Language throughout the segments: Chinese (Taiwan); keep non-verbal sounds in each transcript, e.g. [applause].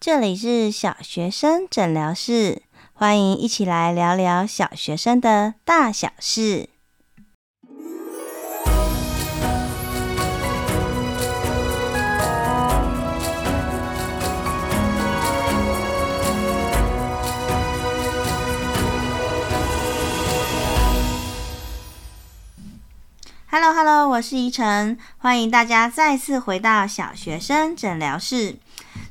這裡是小學生診聊室，歡迎一起來聊聊小學生的大小事。Hello，Hello， [music] hello, 我是怡晨，歡迎大家再次回到小學生診聊室。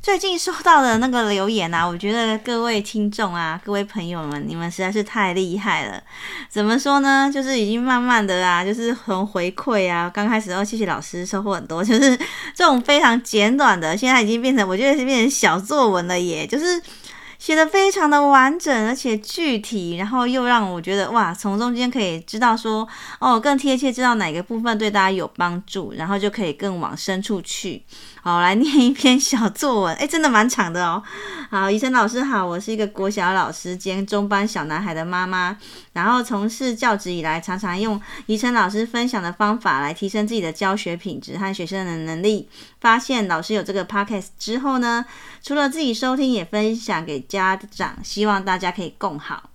最近收到的那個留言啊，我覺得各位聽眾啊，各位朋友們，你們實在是太厲害了。怎麼說呢？就是已經慢慢的啊，就是很回饋啊，剛開始哦，謝謝老師收穫很多，就是這種非常簡短的，現在已經變成我覺得是變成小作文了耶，也就是。寫得非常的完整，而且具體，然後又讓我覺得哇，從中間可以知道說哦，更貼切，知道哪個部分對大家有幫助，然後就可以更往深處去。好，來念一篇小作文，哎，真的蠻長的哦。好，宜晨老師好，我是一個國小老師兼中班小男孩的媽媽，然後從事教職以來，常常用宜晨老師分享的方法來提升自己的教學品質和學生的能力。發現老師有這個 podcast 之後呢，除了自己收聽，也分享給，家長希望大家可以共好。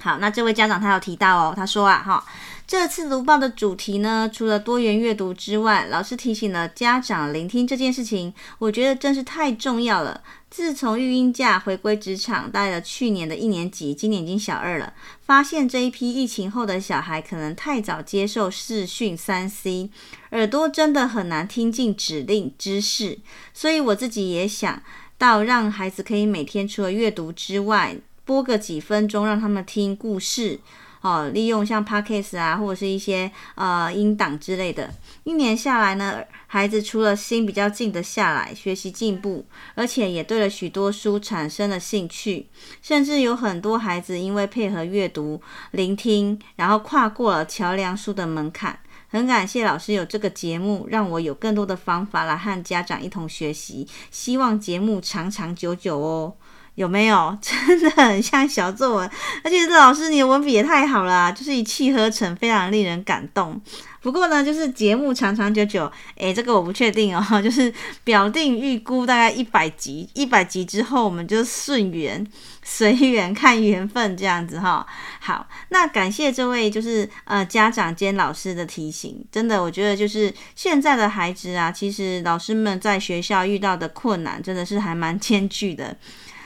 好，那這位家長他有提到哦，他說啊，哈，這次讀報的主題呢，除了多元閱讀之外，老師提醒了家長聆聽這件事情，我覺得真是太重要了。自從育嬰假回歸職場，帶了去年的一年級，今年已經小二了，發現這一批疫情後的小孩，可能太早接受視訊三 C，耳朵真的很難聽進指令知識，所以我自己也想。到讓孩子可以每天除了閱讀之外，播個幾分鐘，讓他們聽故事哦。利用像 Podcast 啊，或者是一些呃音檔之類的。一年下來呢，孩子除了心比較靜得下來，學習進步，而且也對了許多書產生了興趣，甚至有很多孩子因為配合閱讀、聆聽，然後跨過了橋梁書的門檻。很感謝老師有這個節目，讓我有更多的方法來和家長一同學習。希望節目長長久久哦，有沒有？真的很像小作文，而且這老師你的文筆也太好了，就是一氣呵成，非常令人感動。不過呢，就是節目長長久久，誒、欸，這個我不確定哦，就是表定預估大概一百集，一百集之後我們就順緣。隨緣看緣分這樣子哈，好，那感謝這位就是呃家長兼老師的提醒，真的我覺得就是現在的孩子啊，其實老師們在學校遇到的困難真的是還蠻艱巨的，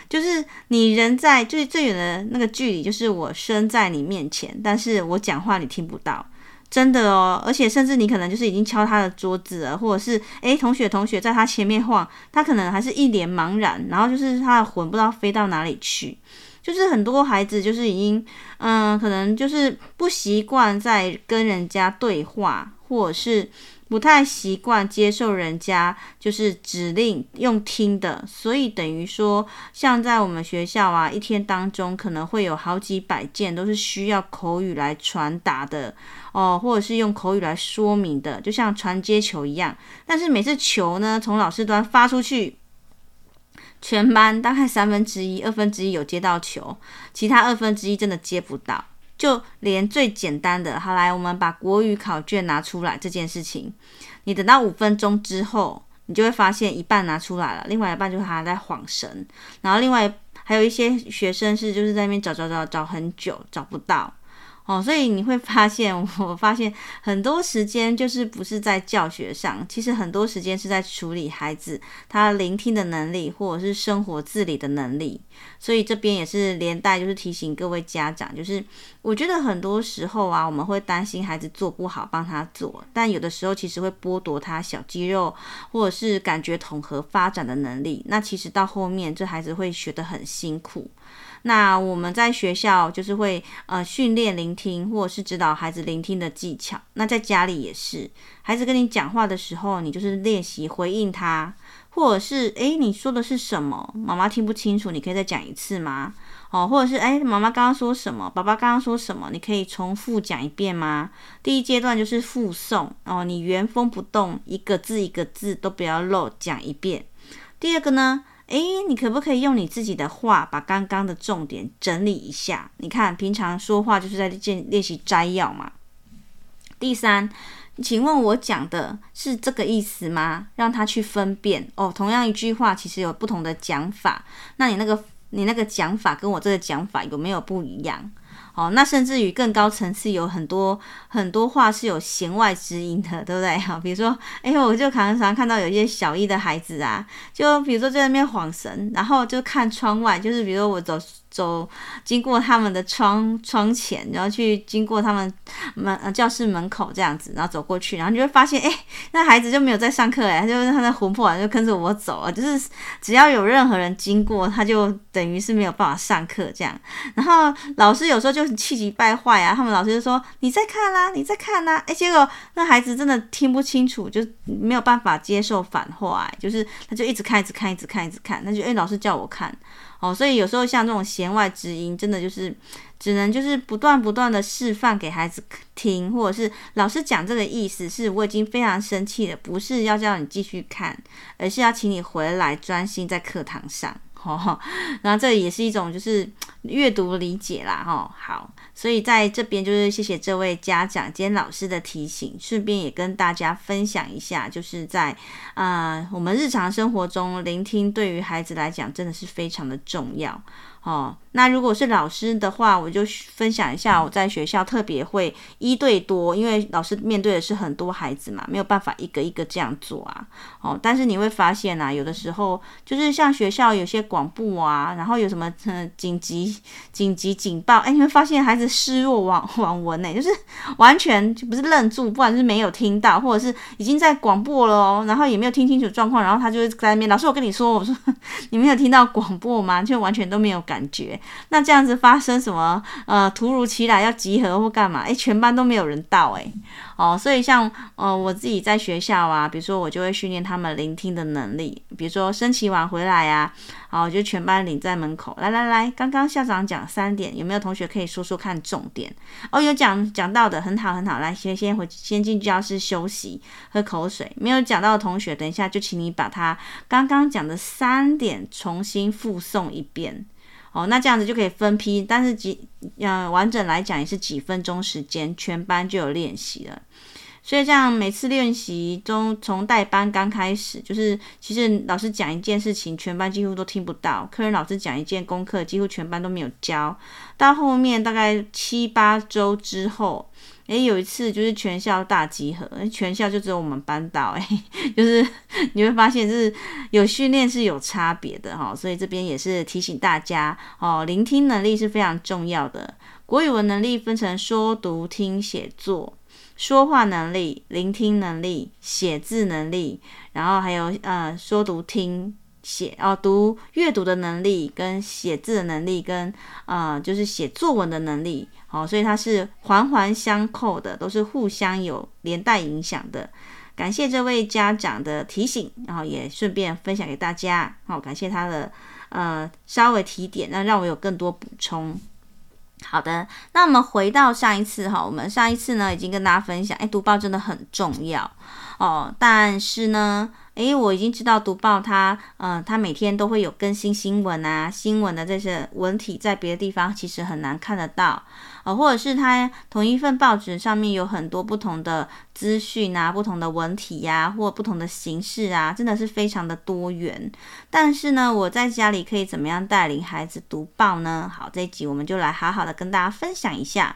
就是你人在最最遠的那個距離，就是我身在你面前，但是我講話你聽不到。真的哦，而且甚至你可能就是已經敲他的桌子了，或者是誒同學同學，在他前面晃，他可能還是一臉茫然，然後就是他的魂不知道飛到哪裡去，就是很多孩子就是已經嗯可能就是不習慣在跟人家對話，或者是。不太習慣接受人家就是指令用聽的，所以等於說，像在我們學校啊，一天當中可能會有好幾百件都是需要口語來傳達的，哦，或者是用口語來說明的，就像傳接球一樣。但是每次球呢，從老師端發出去，全班大概三分之一、二分之一有接到球，其他二分之一真的接不到。就連最簡單的，好來，我們把國語考卷拿出來這件事情，你等到五分鐘之後，你就會發現一半拿出來了，另外一半就還在恍神。然後另外還有一些學生是就是在那邊找找找找很久找不到。哦，所以你會發現，我發現很多時間就是不是在教學上，其實很多時間是在處理孩子他聆聽的能力，或者是生活自理的能力。所以這邊也是連帶就是提醒各位家長，就是我覺得很多時候啊，我們會擔心孩子做不好，幫他做，但有的時候其實會剝奪他小肌肉或者是感覺統合發展的能力。那其實到後面，這孩子會學得很辛苦。那我們在學校就是會呃訓練聆聽，或者是指導孩子聆聽的技巧。那在家裡也是，孩子跟你講話的時候，你就是練習回應他，或者是誒，你說的是什麼？媽媽聽不清楚，你可以再講一次嗎？哦，或者是誒，媽媽剛剛說什麼？爸爸剛剛說什麼？你可以重複講一遍嗎？第一階段就是複誦哦，你原封不動，一個字一個字都不要漏講一遍。第二個呢？哎，你可不可以用你自己的話把剛剛的重點整理一下？你看，平常說話就是在練練習摘要嘛。第三，請問我講的是這個意思嗎？讓他去分辨。哦，同樣一句話，其實有不同的講法。那你那個你那個講法跟我這個講法有沒有不一樣？哦，那甚至於更高層次有很多很多話是有弦外之音的，對不對？哈，比如說，哎、欸，我就常常看到有一些小一的孩子啊，就比如說在那邊晃神，然後就看窗外，就是比如說我走。走，經過他們的窗窗前，然後去經過他們門呃教室門口這樣子，然後走過去，然後你就會發現，欸，那孩子就沒有在上課，哎，他就他那魂魄就跟着我走啊。就是只要有任何人經過，他就等於是沒有辦法上課這樣。然後老師有時候就很氣急敗壞啊，他們老師就說：“你在看啦，你在看啦。”欸，結果那孩子真的聽不清楚，就沒有辦法接受反話，就是他就一直看，一直看，一直看，一直看，那就欸，老師叫我看。哦，所以有時候像這種弦外之音，真的就是只能就是不斷不斷的示範給孩子聽，或者是老師講這個意思是，我已經非常生氣了，不是要叫你繼續看，而是要請你回來專心在課堂上。吼然後這也是一種就是閱讀理解啦，哈，好，所以在這邊就是謝謝這位家長兼老師的提醒，順便也跟大家分享一下，就是在啊、呃、我們日常生活中聆聽對於孩子來講真的是非常的重要。哦，那如果是老師的話，我就分享一下我在學校特別會一對多，因為老師面對的是很多孩子嘛，沒有辦法一個一個這樣做啊。哦，但是你會發現啊，有的時候就是像學校有些廣播啊，然後有什麼緊急緊急警報，哎、欸，你會發現孩子視若罔罔聞呢、欸，就是完全就不是愣住，不管是沒有聽到，或者是已經在廣播了，然後也沒有聽清楚狀況，然後他就會在那邊。老師，我跟你說，我說你沒有聽到廣播嗎？就完全都沒有。感覺那這樣子發生什麼？呃，突如其來要集合或幹嘛？誒、欸，全班都沒有人到誒、欸，哦，所以像呃我自己在學校啊，比如說我就會訓練他們聆聽的能力，比如說升旗完回來啊，好、哦、就全班領在門口，來來來，剛剛校長講三點，有沒有同學可以說說看重點？哦，有講講到的很好很好，來先先回先進教室休息喝口水，沒有講到的同學，等一下就請你把他剛剛講的三點重新復誦一遍。哦，那這樣子就可以分批，但是幾嗯、呃，完整來講也是幾分鐘時間，全班就有練習了。所以這樣每次練習中，從帶班剛開始，就是其實老師講一件事情，全班幾乎都聽不到；科任老師講一件功課，幾乎全班都沒有交。到後面大概七八週之後。哎，有一次就是全校大集合，全校就只有我們班到。哎，就是你會發現，就是有訓練是有差別的哈、哦。所以這邊也是提醒大家哦，聆聽能力是非常重要的。國語文能力分成說、讀、聽、寫作，說話能力、聆聽能力、寫字能力，然後還有呃說、讀、聽。寫哦，讀閱讀的能力跟寫字的能力跟呃，就是寫作文的能力，哦。所以它是環環相扣的，都是互相有連帶影響的。感謝這位家長的提醒，然後，哦，也順便分享給大家，好，哦，感謝他的呃稍微提點，那讓我有更多補充。好的，那我們回到上一次哈，哦，我們上一次呢已經跟大家分享，誒，讀報真的很重要哦，但是呢。哎，我已經知道讀報，它，嗯、呃，它每天都會有更新新聞啊，新聞的這些文體在別的地方其實很難看得到，呃，或者是它同一份報紙上面有很多不同的資訊啊，不同的文體呀、啊，或不同的形式啊，真的是非常的多元。但是呢，我在家裡可以怎麼樣帶領孩子讀報呢？好，這一集我們就來好好的跟大家分享一下。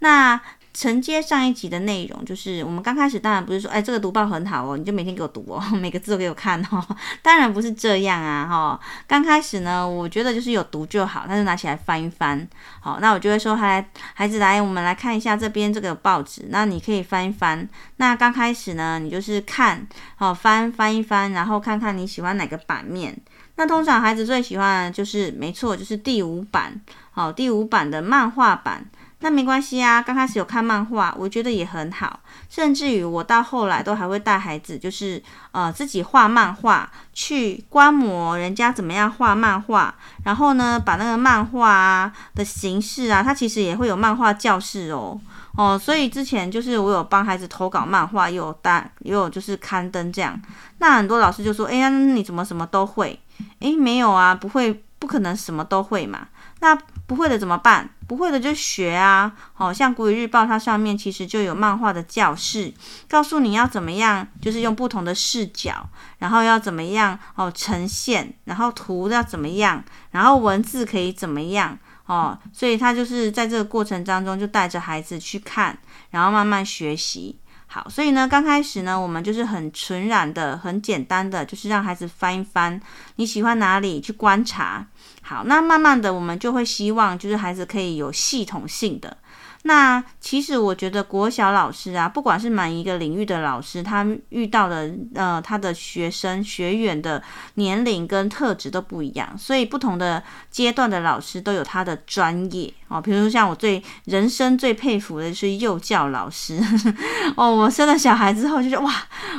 那承接上一集的內容，就是我們剛開始當然不是說，哎，這個讀報很好哦，你就每天給我讀哦，每個字都給我看哦。當然不是這樣啊，哈、哦。剛開始呢，我覺得就是有讀就好，但是拿起來翻一翻。好、哦，那我就會說，孩孩子來，我們來看一下這邊這個報紙。那你可以翻一翻。那剛開始呢，你就是看，好、哦、翻翻一翻，然後看看你喜歡哪個版面。那通常孩子最喜歡的就是，沒錯，就是第五版，好、哦，第五版的漫畫版。那沒關係啊，剛開始有看漫畫，我覺得也很好。甚至於我到後來都還會帶孩子，就是呃自己畫漫畫，去觀摩人家怎麼樣畫漫畫。然後呢，把那個漫畫啊的形式啊，它其實也會有漫畫教室哦哦，呃。所以之前就是我有幫孩子投稿漫畫，又有帶，又有就是刊登這樣。那很多老師就說：“哎、欸呀，你怎麼什麼都會？”哎、欸，沒有啊，不會，不可能什麼都會嘛。那不會的怎麼辦？不會的就學啊！好、哦、像《國語日報》它上面其實就有漫畫的教室，告訴你要怎麼樣，就是用不同的視角，然後要怎麼樣哦呈現，然後圖要怎麼樣，然後文字可以怎麼樣哦，所以他就是在這個過程當中就帶着孩子去看，然後慢慢學習。好，所以呢，剛開始呢，我們就是很純然的、很簡單的，就是讓孩子翻一翻，你喜歡哪裡去觀察。好，那慢慢的我們就會希望，就是孩子可以有系統性的。那其實我覺得國小老師啊，不管是哪一個領域的老師，他遇到的，呃，他的學生學員的年齡跟特質都不一樣，所以不同的階段的老師都有他的專業。哦，比如說像我最人生最佩服的是幼教老師 [laughs] 哦，我生了小孩之後就是哇，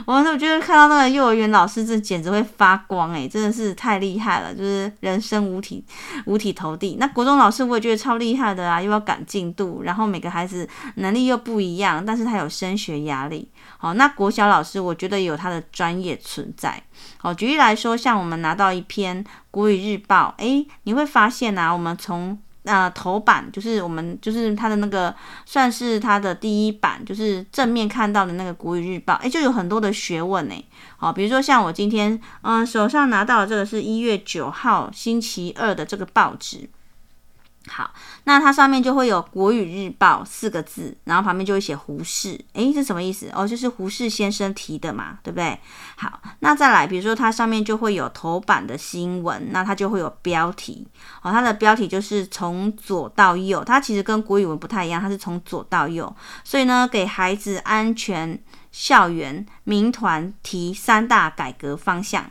我那我覺得看到那個幼兒園老師，這簡直會發光誒，真的是太厲害了，就是人生五體五體投地。那國中老師我也覺得超厲害的啊，又要趕進度，然後每個孩子能力又不一樣，但是他有升學壓力。好、哦，那國小老師我覺得有他的專業存在。好、哦，舉例來說，像我們拿到一篇《國語日報》，誒，你會發現吶、啊，我們從那、呃、頭版就是我們，就是它的那個，算是它的第一版，就是正面看到的那個《國語日報》。哎，就有很多的學問呢。好、哦，比如說像我今天，嗯，手上拿到的這個是一月九號星期二的這個報紙。好，那它上面就會有《國語日報》四個字，然後旁邊就會寫胡適，誒，這什麼意思？哦，就是胡適先生提的嘛，對不對？好，那再來，比如說它上面就會有頭版的新聞，那它就會有標題，哦，它的標題就是從左到右，它其實跟國語文不太一樣，它是從左到右，所以呢，給孩子安全校園民團提三大改革方向。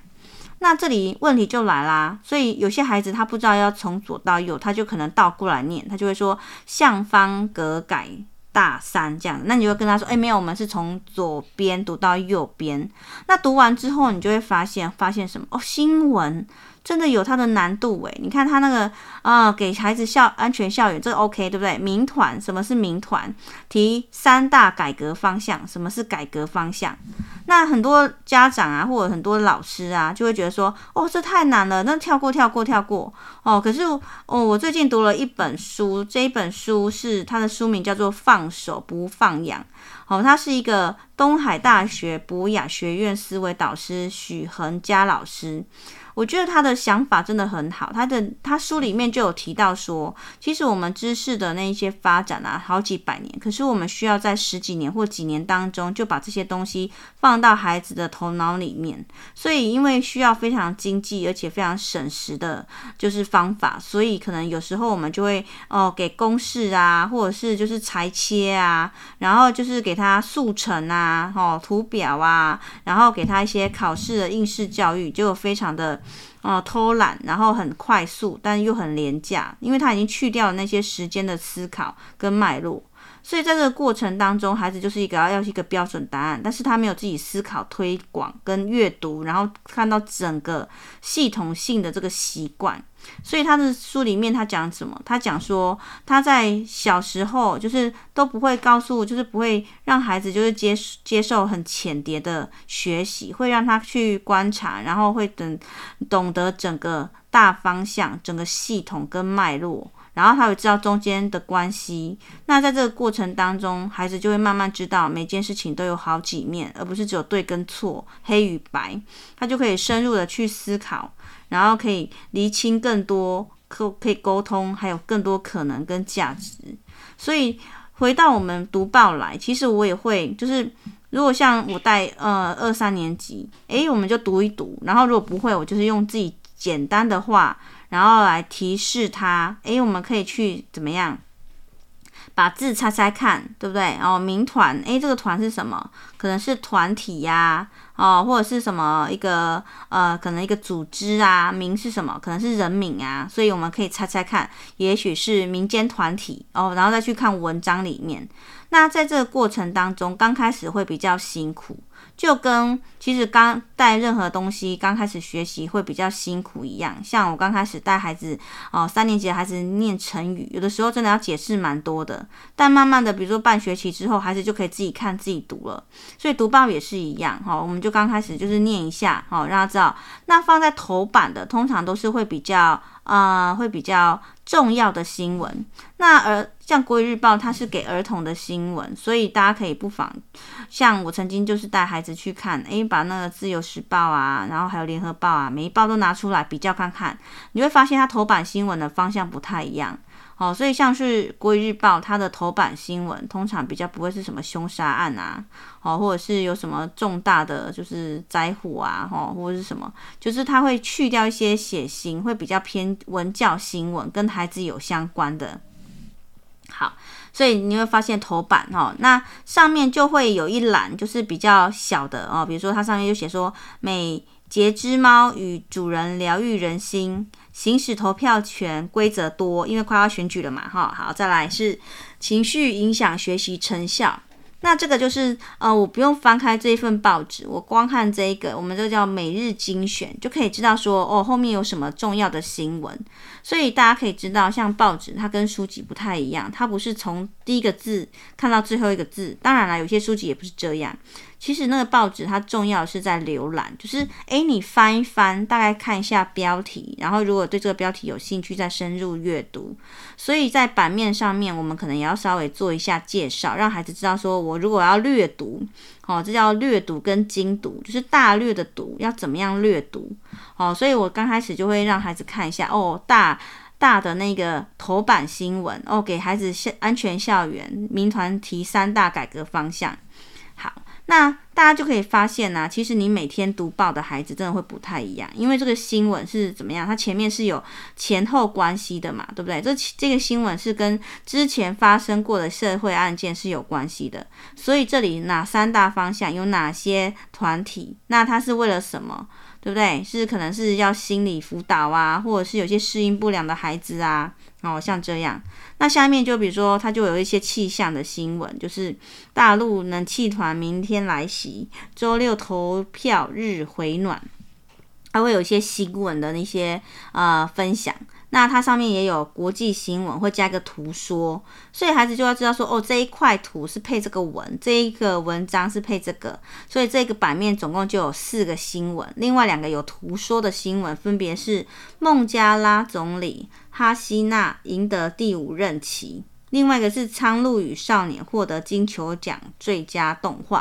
那這裡問題就來啦，所以有些孩子他不知道要從左到右，他就可能倒過來念，他就會說像方格改大三這樣。那你就會跟他說，誒、欸，沒有，我們是從左邊讀到右邊。那讀完之後，你就會發現，發現什麼？哦，新聞。真的有它的難度誒、欸，你看他那個啊、呃，給孩子校安全校園這 OK 對不對？民團，什麼是民團？提三大改革方向，什麼是改革方向？那很多家長啊，或者很多老師啊，就會覺得說，哦，這太難了，那跳過跳過跳過哦。可是哦，我最近讀了一本書，這一本書是它的書名叫做《放手不放養》哦，它是一個東海大學博雅學院思維導師許恆嘉老師，我覺得他的想法真的很好，他的他書裡面就有提到說，其實我們知識的那一些發展啊，好幾百年，可是我們需要在十幾年或幾年當中就把這些東西放到孩子的頭腦裡面，所以因為需要非常經濟而且非常省時的，就是方法，所以可能有時候我們就會哦給公式啊，或者是就是裁切啊，然後就是給他速成啊，哦圖表啊，然後給他一些考試的應試教育，就有非常的。啊、嗯，偷懶，然後很快速，但又很廉價，因為他已經去掉了那些時間的思考跟脈絡，所以在這個過程當中，孩子就是一個要要一個標準答案，但是他沒有自己思考、推廣跟閱讀，然後看到整個系統性的這個習慣。所以他的書裡面，他講什麼？他講說，他在小時候就是都不會告訴，就是不會讓孩子就是接接受很淺碟的學習，會讓他去觀察，然後會等懂得整個大方向、整個系統跟脈絡，然後他會知道中間的關係。那在這個過程當中，孩子就會慢慢知道每件事情都有好幾面，而不是只有對跟錯、黑與白，他就可以深入的去思考。然後可以釐清更多，可，可以溝通，還有更多可能跟價值。所以回到我們讀報來，其實我也會，就是如果像我帶呃二三年級，誒，我們就讀一讀。然後如果不會，我就是用自己簡單的話，然後來提示他，誒，我們可以去怎麼樣？把字拆拆看，對不對？哦，民團，誒，這個團是什麼？可能是團體呀、啊，哦，或者是什麼一個，呃，可能一個組織啊。民是什麼？可能是人民啊。所以我們可以猜猜看，也許是民間團體哦，然後再去看文章裡面。那在這個過程當中，剛開始會比較辛苦。就跟其實剛帶任何東西剛開始學習會比較辛苦一樣，像我剛開始帶孩子哦，三年級的孩子念成語，有的時候真的要解釋蠻多的。但慢慢的，比如說半學期之後，孩子就可以自己看自己讀了。所以讀報也是一樣，哈、哦，我們就剛開始就是念一下，好、哦，讓他知道。那放在頭版的，通常都是會比較呃，會比較重要的新聞。那而像《國語日報》，它是給兒童的新聞，所以大家可以不妨像我曾經就是帶孩子去看，哎、欸，把那個《自由時報》啊，然後還有《聯合報》啊，每一報都拿出來比較看看，你會發現它頭版新聞的方向不太一樣。哦，所以像是《國語日報》，它的頭版新聞通常比較不會是什麼凶殺案啊，哦，或者是有什麼重大的就是災禍啊，哦，或者是什麼，就是它會去掉一些血腥，會比較偏文教新聞，跟孩子有相關的。好，所以你會發現頭版哈、哦，那上面就會有一欄，就是比較小的哦，比如說它上面就寫說，每截肢貓與主人療癒人心、行使投票權規則多，因為快要選舉了嘛哈、哦。好，再來是情緒影響學習成效。那這個就是呃，我不用翻開這一份報紙，我光看這一個，我們這叫每日精選，就可以知道說哦，後面有什麼重要的新聞。所以大家可以知道，像報紙它跟書籍不太一樣，它不是從第一個字看到最後一個字。當然啦，有些書籍也不是這樣。其實那個報紙它重要是在瀏覽，就是誒，你翻一翻，大概看一下標題，然後如果對這個標題有興趣，再深入閱讀。所以在版面上面，我們可能也要稍微做一下介紹，讓孩子知道說，我如果要略讀，哦，這叫略讀跟精讀，就是大略的讀，要怎麼樣略讀？哦，所以我剛開始就會讓孩子看一下，哦，大大的那個頭版新聞，哦，給孩子校安全校園民團提三大改革方向。那大家就可以發現呢，啊，其實你每天讀報的孩子真的會不太一樣，因為這個新聞是怎麼樣？它前面是有前後關係的嘛，對不對？這這個新聞是跟之前發生過的社會案件是有關係的，所以這裡哪三大方向，有哪些團體？那它是為了什麼？對不對？是可能是要心理輔導啊，或者是有些適應不良的孩子啊，哦，像這樣。那下面就比如說，它就有一些氣象的新聞，就是大陸冷氣團明天來襲，週六投票日回暖，還會有一些新聞的那些啊、呃、分享。那它上面也有國際新聞，會加一個圖說，所以孩子就要知道說，哦，這一塊圖是配這個文，這一個文章是配這個，所以這個版面總共就有四個新聞，另外兩個有圖說的新聞，分別是孟加拉總理哈希納贏得第五任期，另外一個是《蒼鷺與少年》獲得金球獎最佳動畫。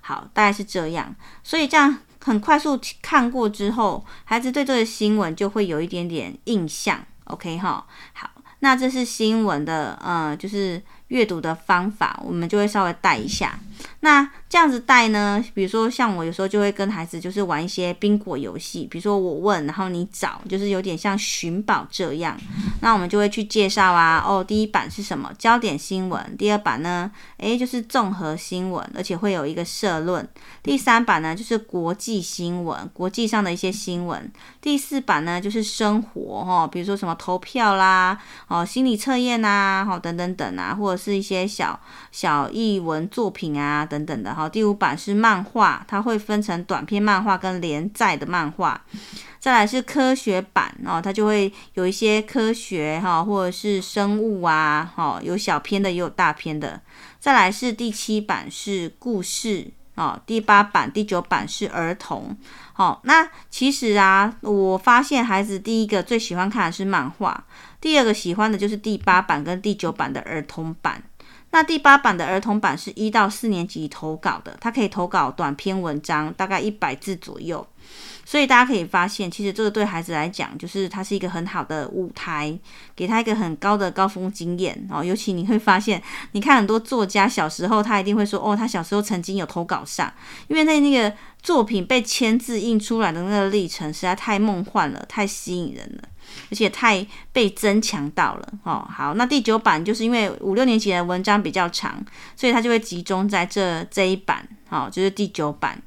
好，大概是這樣，所以這樣很快速看過之後，孩子對這個新聞就會有一點點印象。OK 哈，好，那這是新聞的，呃，就是閱讀的方法，我們就會稍微帶一下。那這樣子帶呢？比如說像我有時候就會跟孩子就是玩一些賓果遊戲，比如說我問，然後你找，就是有點像尋寶這樣。那我們就會去介紹啊，哦，第一版是什麼？焦點新聞。第二版呢？誒，就是綜合新聞，而且會有一個社論。第三版呢，就是國際新聞，國際上的一些新聞。第四版呢，就是生活哦，比如說什麼投票啦，哦，心理測驗啊，哈，哦，等等等啊，或者是一些小小藝文作品啊。啊，等等的，好、哦，第五版是漫畫，它會分成短篇漫畫跟連載的漫畫，再來是科學版，哦，它就會有一些科學哈、哦，或者是生物啊，好、哦，有小篇的也有大篇的，再來是第七版是故事，哦，第八版、第九版是兒童，好、哦，那其實啊，我發現孩子第一個最喜歡看的是漫畫，第二個喜歡的就是第八版跟第九版的兒童版。那第八版的兒童版是一到四年級投稿的，它可以投稿短篇文章，大概一百字左右。所以大家可以發現，其實這個對孩子來講，就是它是一個很好的舞台，給他一個很高的高峰經驗哦。尤其你會發現，你看很多作家小時候，他一定會說，哦，他小時候曾經有投稿上，因為那那個作品被簽字印出來的那個歷程，實在太夢幻了，太吸引人了。而且太被增強到了哦，好，那第九版就是因為五六年級的文章比較長，所以他就會集中在這這一版，好，哦，就是第九版。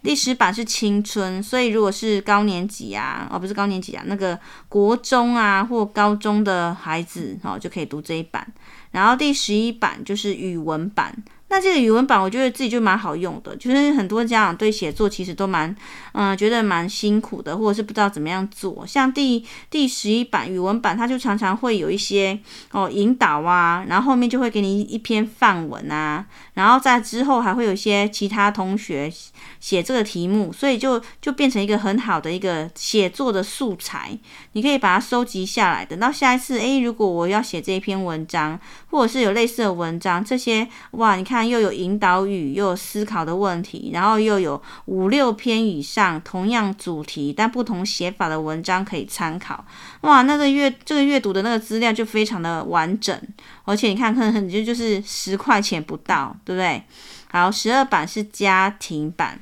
第十版是青春，所以如果是高年級啊，哦不是高年級啊，那個國中啊或高中的孩子，哦，就可以讀這一版，然後第十一版就是語文版。那這個語文版，我覺得自己就蠻好用的，就是很多家長對寫作其實都蠻，嗯，覺得蠻辛苦的，或者是不知道怎麼樣做。像第第十一版語文版，它就常常會有一些哦引導啊，然後後面就會給你一篇範文啊，然後在之後還會有一些其他同學寫這個題目，所以就就變成一個很好的一個寫作的素材，你可以把它收集下來，等到下一次，誒，如果我要寫這一篇文章，或者是有類似的文章，這些哇，你看。又有引導語，又有思考的問題，然後又有五六篇以上同樣主題但不同寫法的文章可以參考。哇，那個閱這個閱讀的那個資料就非常的完整，而且你看，看很就就是十塊錢不到，對不對？好，十二版是家庭版。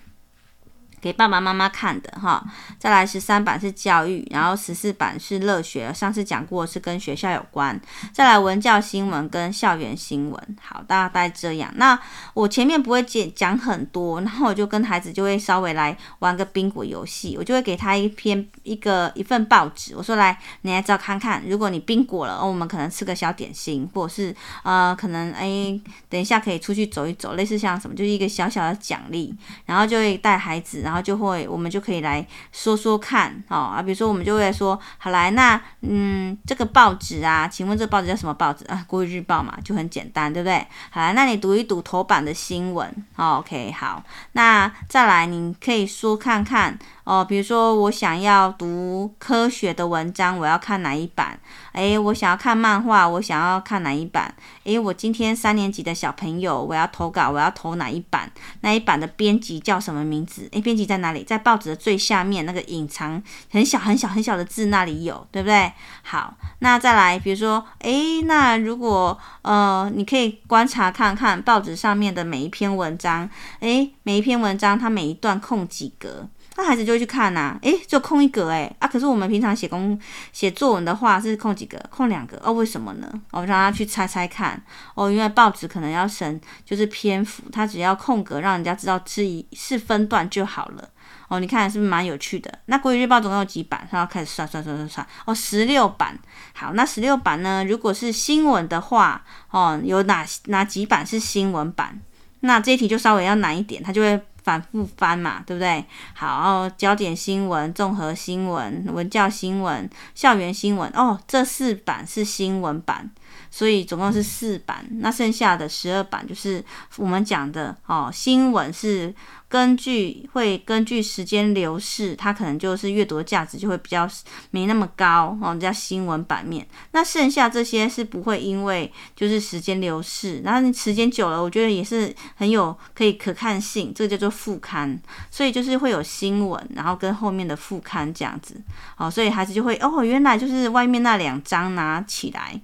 給爸爸媽媽看的哈，再來十三版是教育，然後十四版是樂學。上次講過是跟學校有關，再來文教新聞跟校園新聞。好，大家大概這樣。那我前面不會講講很多，然後我就跟孩子就會稍微來玩個賓果遊戲，我就會給他一篇一個一份報紙，我說來，你來找看看。如果你賓果了，哦，我們可能吃個小點心，或者是呃，可能哎、欸，等一下可以出去走一走，類似像什麼，就是一個小小的獎勵。然後就會帶孩子，然後。然後就會，我們就可以來說說看，哦啊，比如說我們就會來說，好來，那嗯，這個報紙啊，請問這報紙叫什麼報紙啊？《國語日報》嘛，就很簡單，對不對？好來，那你讀一讀頭版的新聞，哦，OK，好，那再來，你可以說看看。哦，比如說我想要讀科學的文章，我要看哪一版？哎，我想要看漫畫，我想要看哪一版？哎，我今天三年級的小朋友，我要投稿，我要投哪一版？那一版的編輯叫什麼名字？哎，編輯在哪裡？在報紙的最下面那個隱藏很小很小很小的字那裡有，對不對？好，那再來，比如說，哎，那如果呃，你可以觀察看看報紙上面的每一篇文章，哎，每一篇文章它每一段空幾格？那孩子就會去看吶、啊，誒、欸，就空一格誒、欸，啊，可是我們平常寫功寫作文的話是空幾格，空兩個哦，為什麼呢？我、哦、讓他去猜猜看哦，因為報紙可能要省，就是篇幅，它只要空格，讓人家知道是是分段就好了哦。你看是不是蠻有趣的？那《國語日報》總共有幾版？然後開始算算算算算哦，十六版。好，那十六版呢？如果是新聞的話哦，有哪哪幾版是新聞版？那這一題就稍微要難一點，他就會。反覆翻嘛，對不對？好，哦，焦點新聞、綜合新聞、文教新聞、校園新聞，哦，這四版是新聞版，所以總共是四版。那剩下的十二版就是我們講的哦，新聞是。根據會根據時間流逝，它可能就是閱讀的價值就會比較沒那麼高哦，叫新聞版面。那剩下這些是不會因為就是時間流逝，然後你時間久了，我覺得也是很有可以可看性，這個叫做副刊。所以就是會有新聞，然後跟後面的副刊這樣子哦，所以孩子就會哦，原來就是外面那兩張拿起來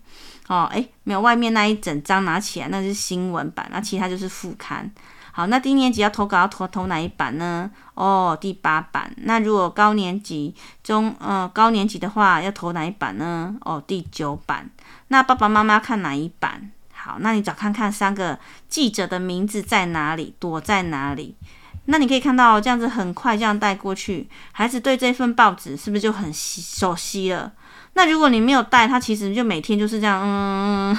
哦，哎，沒有外面那一整張拿起來，那就是新聞版，那、啊、其他就是副刊。好，那低年級要投稿要投投哪一版呢？哦，第八版。那如果高年級中，呃，高年級的話要投哪一版呢？哦，第九版。那爸爸媽媽看哪一版？好，那你找看看三個記者的名字在哪裡，躲在哪裡。那你可以看到這樣子，很快這樣帶過去，孩子對這份報紙是不是就很熟悉了？那如果你沒有帶他，其實就每天就是這樣，嗯，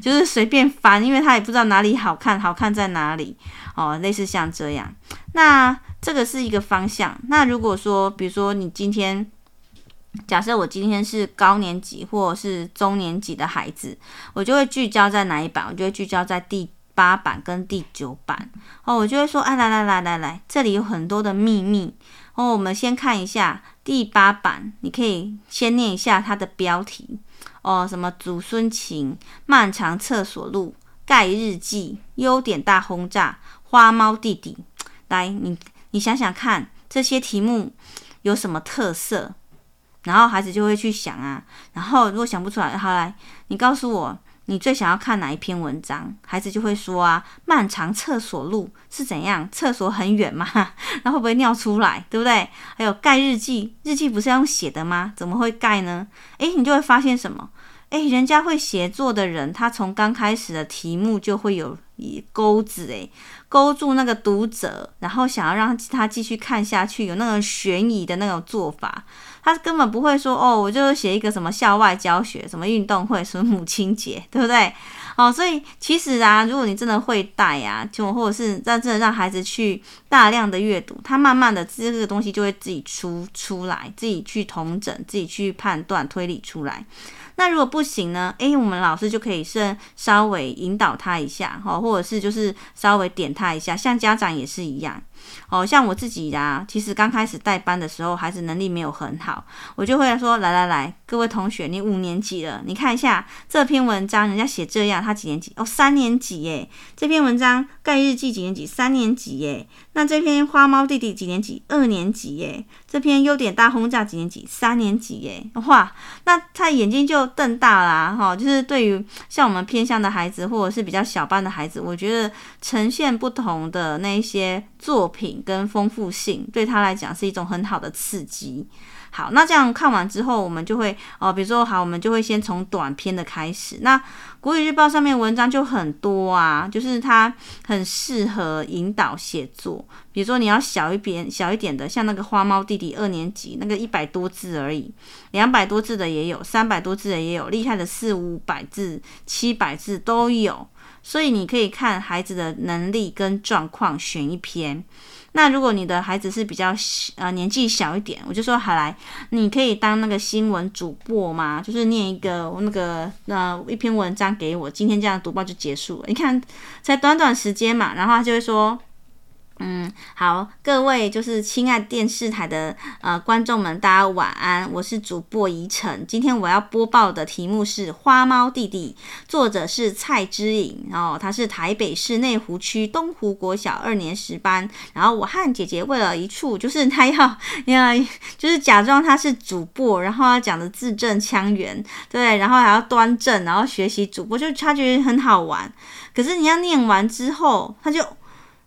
就是隨便翻，因為他也不知道哪裡好看，好看在哪裡哦，類似像這樣。那這個是一個方向。那如果說，比如說你今天，假設我今天是高年級或者是中年級的孩子，我就會聚焦在哪一版？我就會聚焦在第八版跟第九版哦。我就會說，哎，來來來來來，這裡有很多的秘密。哦，我們先看一下第八版，你可以先念一下它的標題哦，什麼祖孫情、漫長廁所路、蓋日記、優點大轟炸、花貓弟弟。來，你你想想看，這些題目有什麼特色？然後孩子就會去想啊，然後如果想不出來，好來，你告訴我。你最想要看哪一篇文章？孩子就會說啊，漫長廁所路是怎樣？廁所很遠嗎？那會不會尿出來，對不對？還有蓋日記，日記不是要用寫的嗎？怎麼會蓋呢？誒，你就會發現什麼？誒，人家會寫作的人，他從剛開始的題目就會有一鈎子，誒，勾住那個讀者，然後想要讓他繼續看下去，有那種懸疑的那種做法。他根本不會說哦，我就是寫一個什麼校外教學，什麼運動會，什麼母親節，對不對？哦，所以其實啊，如果你真的會帶啊，就或者是讓真的讓孩子去大量的閱讀，他慢慢的這個東西就會自己出出來，自己去統整，自己去判斷推理出來。那如果不行呢？誒、欸，我們老師就可以先稍微引導他一下，哈、哦，或者是就是稍微點他一下，像家長也是一樣。哦，像我自己呀、啊，其實剛開始帶班的時候，孩子能力沒有很好，我就會說：“來來來，各位同學，你五年級了，你看一下這篇文章，人家寫這樣，他幾年級？哦，三年級耶。這篇文章《蓋日記》幾年級？三年級耶。那這篇《花貓弟弟》幾年級？二年級耶。”這篇優點大轟炸幾年級？三年級耶，哇，那他眼睛就瞪大啦、啊，哈、哦，就是對於像我們偏向的孩子，或者是比較小班的孩子，我覺得呈現不同的那些作品跟豐富性，對他來講是一種很好的刺激。好，那這樣看完之後，我們就會哦，比如說好，我們就會先從短篇的開始。那國語日報上面文章就很多啊，就是它很適合引導寫作。比如說你要小一點、小一點的，像那個花貓弟弟二年級那個一百多字而已，兩百多字的也有，三百多字的也有，厲害的四五百字、七百字都有。所以你可以看孩子的能力跟狀況選一篇。那如果你的孩子是比較呃年紀小一點，我就說好來，你可以當那個新聞主播嘛，就是念一個那個呃一篇文章給我，今天這樣讀報就結束了。你看，才短短時間嘛，然後他就會說。嗯，好，各位就是親愛電視台的呃觀眾們，大家晚安，我是主播怡晨，今天我要播報的題目是《花貓弟弟》，作者是蔡之穎哦，然後他是台北市內湖區東湖國小二年十班，然後我和姐姐為了一處，就是他要要就是假裝他是主播，然後要講的字正腔圓，對，然後還要端正，然後學習主播，就她覺得很好玩，可是你要念完之後，他就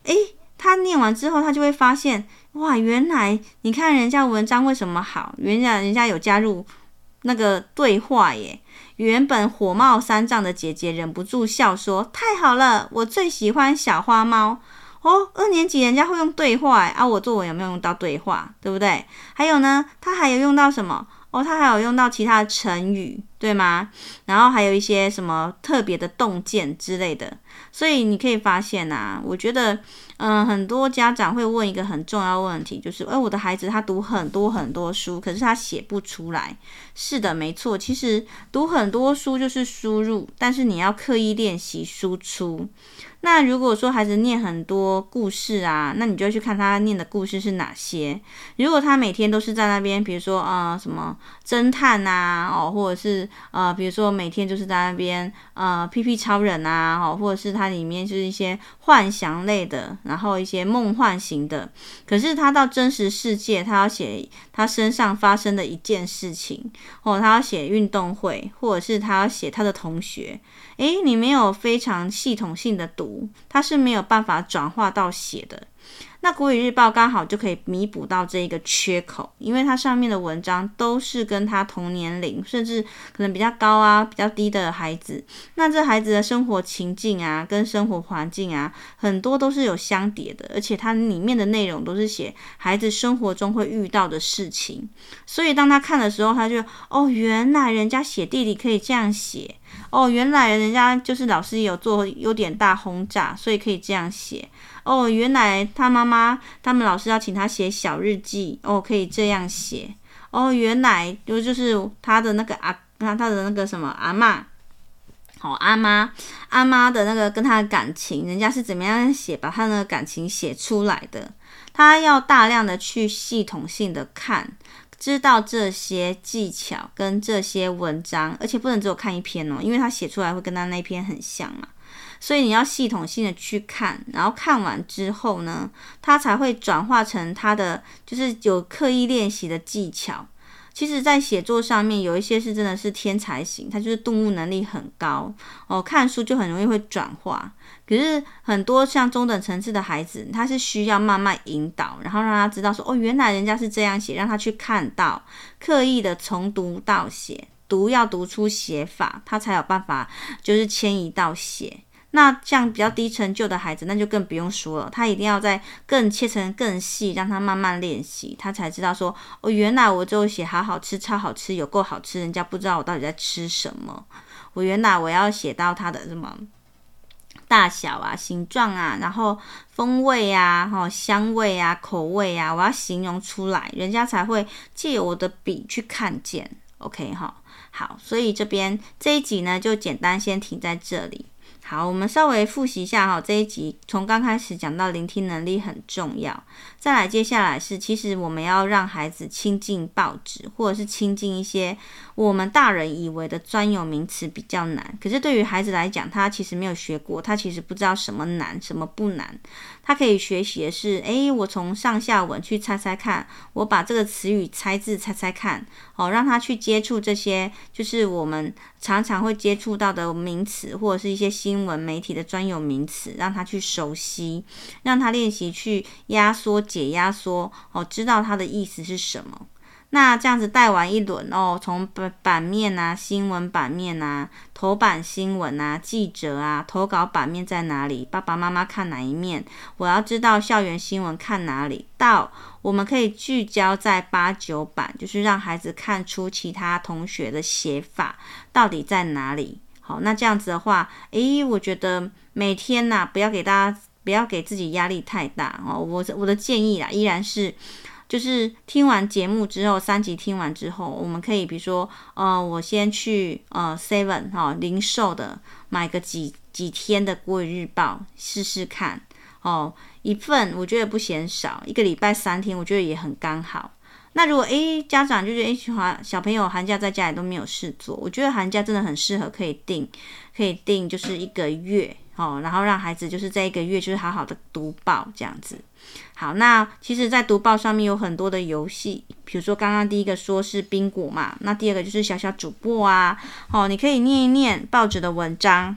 誒。他念完之後，他就會發現，哇，原來你看人家文章為什麼好？原來人家有加入那個對話耶。原本火冒三丈的姐姐忍不住笑說：“太好了，我最喜歡小花貓哦。”二年級人家會用對話耶，啊，我作文有沒有用到對話，對不對？還有呢，他還有用到什麼？哦，他還有用到其他的成語，對嗎？然後還有一些什麼特別的洞見之類的，所以你可以發現啊，我覺得，嗯，很多家長會問一個很重要問題，就是，哎，我的孩子他讀很多很多書，可是他寫不出來。是的，沒錯，其實讀很多書就是輸入，但是你要刻意練習輸出。那如果說孩子念很多故事啊，那你就要去看他念的故事是哪些。如果他每天都是在那邊，比如說啊、呃、什麼偵探啊，哦，或者是呃，比如說每天就是在那邊呃屁屁超人啊，哦，或者是他裡面就是一些幻想類的，然後一些夢幻型的。可是他到真實世界，他要寫他身上發生的一件事情，或、哦、他要寫運動會，或者是他要寫他的同學。誒，你沒有非常系統性的讀，它是沒有辦法轉化到寫的。那國語日報剛好就可以彌補到這一個缺口，因為它上面的文章都是跟他同年齡，甚至可能比較高啊、比較低的孩子，那這孩子的生活情境啊、跟生活環境啊，很多都是有相疊的，而且它裡面的內容都是寫孩子生活中會遇到的事情，所以當他看的時候，他就哦，原來人家寫地理可以這樣寫。哦，原來人家就是老師有做優點大轟炸，所以可以這樣寫。哦，原來他媽媽他們老師要請他寫小日記，哦，可以這樣寫。哦，原來就就是他的那個阿、啊，他的那個什麼阿嬤、哦、阿媽，好，阿媽阿媽的那個跟他的感情，人家是怎麼樣寫，把他那個感情寫出來的，他要大量的去系統性的看，知道這些技巧跟這些文章，而且不能只有看一篇哦，因為他寫出來會跟他那篇很像嘛，所以你要系統性的去看，然後看完之後呢，他才會轉化成他的，就是有刻意練習的技巧。其實，在寫作上面，有一些是真的是天才型，他就是頓悟能力很高哦，看書就很容易會轉化。可是，很多像中等層次的孩子，他是需要慢慢引導，然後讓他知道說，哦，原來人家是這樣寫，讓他去看到，刻意的從讀到寫，讀要讀出寫法，他才有辦法，就是遷移到寫。那像比較低成就的孩子，那就更不用說了。他一定要再更切成更細，讓他慢慢練習，他才知道說哦，原來我就寫好好吃、超好吃、有夠好吃，人家不知道我到底在吃什麼。我原來我要寫到它的什麼大小啊、形狀啊，然後風味啊、香味啊、口味啊，我要形容出來，人家才會借我的筆去看見。OK 哈，好，所以這邊這一集呢，就簡單先停在這裡。好，我們稍微複習一下哈，這一集從剛開始講到聆聽能力很重要。再來，接下來是，其實我們要讓孩子親近報紙，或者是親近一些我們大人以為的專有名詞比較難。可是對於孩子來講，他其實沒有學過，他其實不知道什麼難，什麼不難。他可以學習的是，哎，我從上下文去猜猜看，我把這個詞語猜字猜猜看，哦，讓他去接觸這些，就是我們常常會接觸到的名詞，或者是一些新聞媒體的專有名詞，讓他去熟悉，讓他練習去壓縮。解壓縮哦，知道它的意思是什麼？那這樣子帶完一輪哦，從版面啊、新聞版面啊、頭版新聞啊、記者啊、投稿版面在哪裡？爸爸媽媽看哪一面？我要知道校園新聞看哪裡？到我們可以聚焦在八九版，就是讓孩子看出其他同學的寫法到底在哪裡。好，那這樣子的話，誒，我覺得每天吶，不要給大家。不要給自己壓力太大哦。我我的建議啊，依然是，就是聽完節目之後，三集聽完之後，我們可以比如說，呃，我先去呃 seven 哈、呃、零售的買個幾幾天的國語日報試試看哦、呃，一份我覺得不嫌少，一個禮拜三天我覺得也很剛好。那如果 A 家長就是華小朋友寒假在家裡都沒有事做，我覺得寒假真的很適合可以訂，可以訂就是一個月。哦，然後讓孩子就是這一個月，就是好好的讀報這樣子。好，那其實，在讀報上面有很多的遊戲，比如說剛剛第一個說是賓果嘛，那第二個就是小小主播啊。哦，你可以念一念報紙的文章，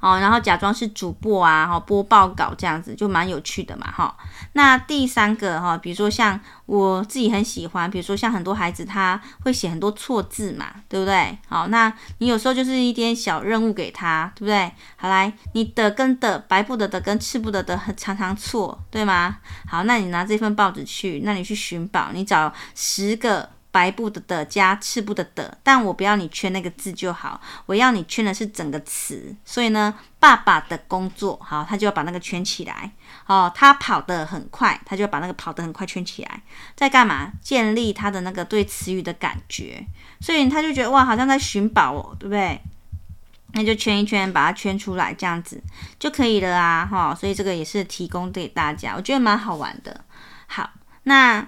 哦，然後假裝是主播啊，哈、哦，播報稿這樣子就蠻有趣的嘛，哈、哦。那第三個哈，比如說像我自己很喜歡，比如說像很多孩子他會寫很多錯字嘛，對不對？好，那你有時候就是一點小任務給他，對不對？好來，你的跟的白不得的跟赤不得的很常常錯，對嗎？好，那你拿這份報紙去，那你去尋寶，你找十個白不得的加赤不得的，但我不要你圈那個字就好，我要你圈的是整個詞。所以呢，爸爸的工作好，他就要把那個圈起來。哦，他跑得很快，他就把那個跑得很快圈起來，在幹嘛？建立他的那個對詞語的感覺，所以他就覺得哇，好像在尋寶哦，對不對？那就圈一圈，把它圈出來，這樣子就可以了啊，哈、哦。所以這個也是提供給大家，我覺得蠻好玩的。好，那。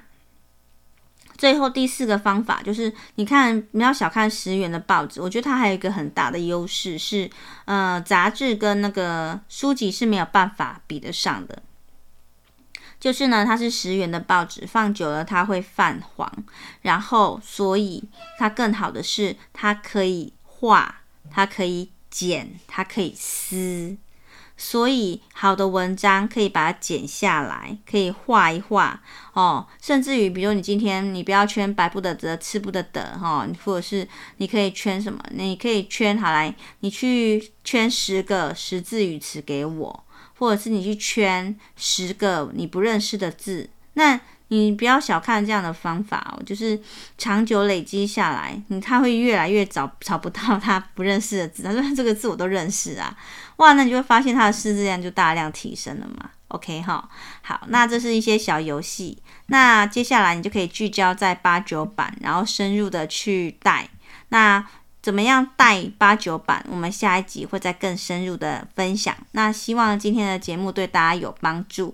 最後第四個方法就是你，你看不要小看十元的報紙，我覺得它還有一個很大的優勢是，呃，雜誌跟那個書籍是沒有辦法比得上的。就是呢，它是十元的報紙，放久了它會泛黃，然後所以它更好的是它可以畫，它可以剪，它可以撕。所以，好的文章可以把它剪下來，可以畫一畫哦。甚至於，比如你今天你不要圈白不的的吃不的得哈、哦，或者是你可以圈什麼？你可以圈好來，你去圈十個四字語詞給我，或者是你去圈十個你不認識的字，那。你不要小看這樣的方法哦，就是長久累積下來，你他會越來越找找不到他不認識的字，他說這個字我都認識啊，哇，那你就會發現他的識字量就大量提升了嘛。OK 齁，好，那這是一些小遊戲，那接下來你就可以聚焦在八九版，然後深入的去帶那。怎麼樣帶八九版？我們下一集會再更深入的分享。那希望今天的節目對大家有幫助。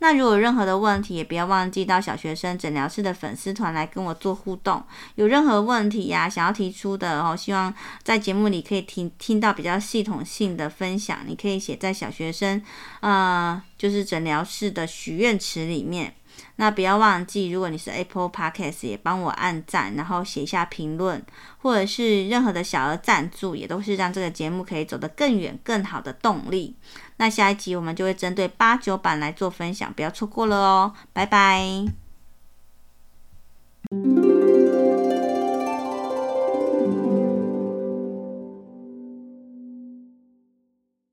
那如果有任何的問題，也不要忘記到小學生診聊室的粉絲團來跟我做互動。有任何問題呀、啊，想要提出的哦，希望在節目裡可以聽聽到比較系統性的分享。你可以寫在小學生呃，就是診聊室的許願池裡面。那不要忘記，如果你是 Apple Podcast，也幫我按讚，然後寫下評論，或者是任何的小額贊助，也都是讓這個節目可以走得更遠、更好的動力。那下一集我們就會針對八九版來做分享，不要錯過了哦。拜拜。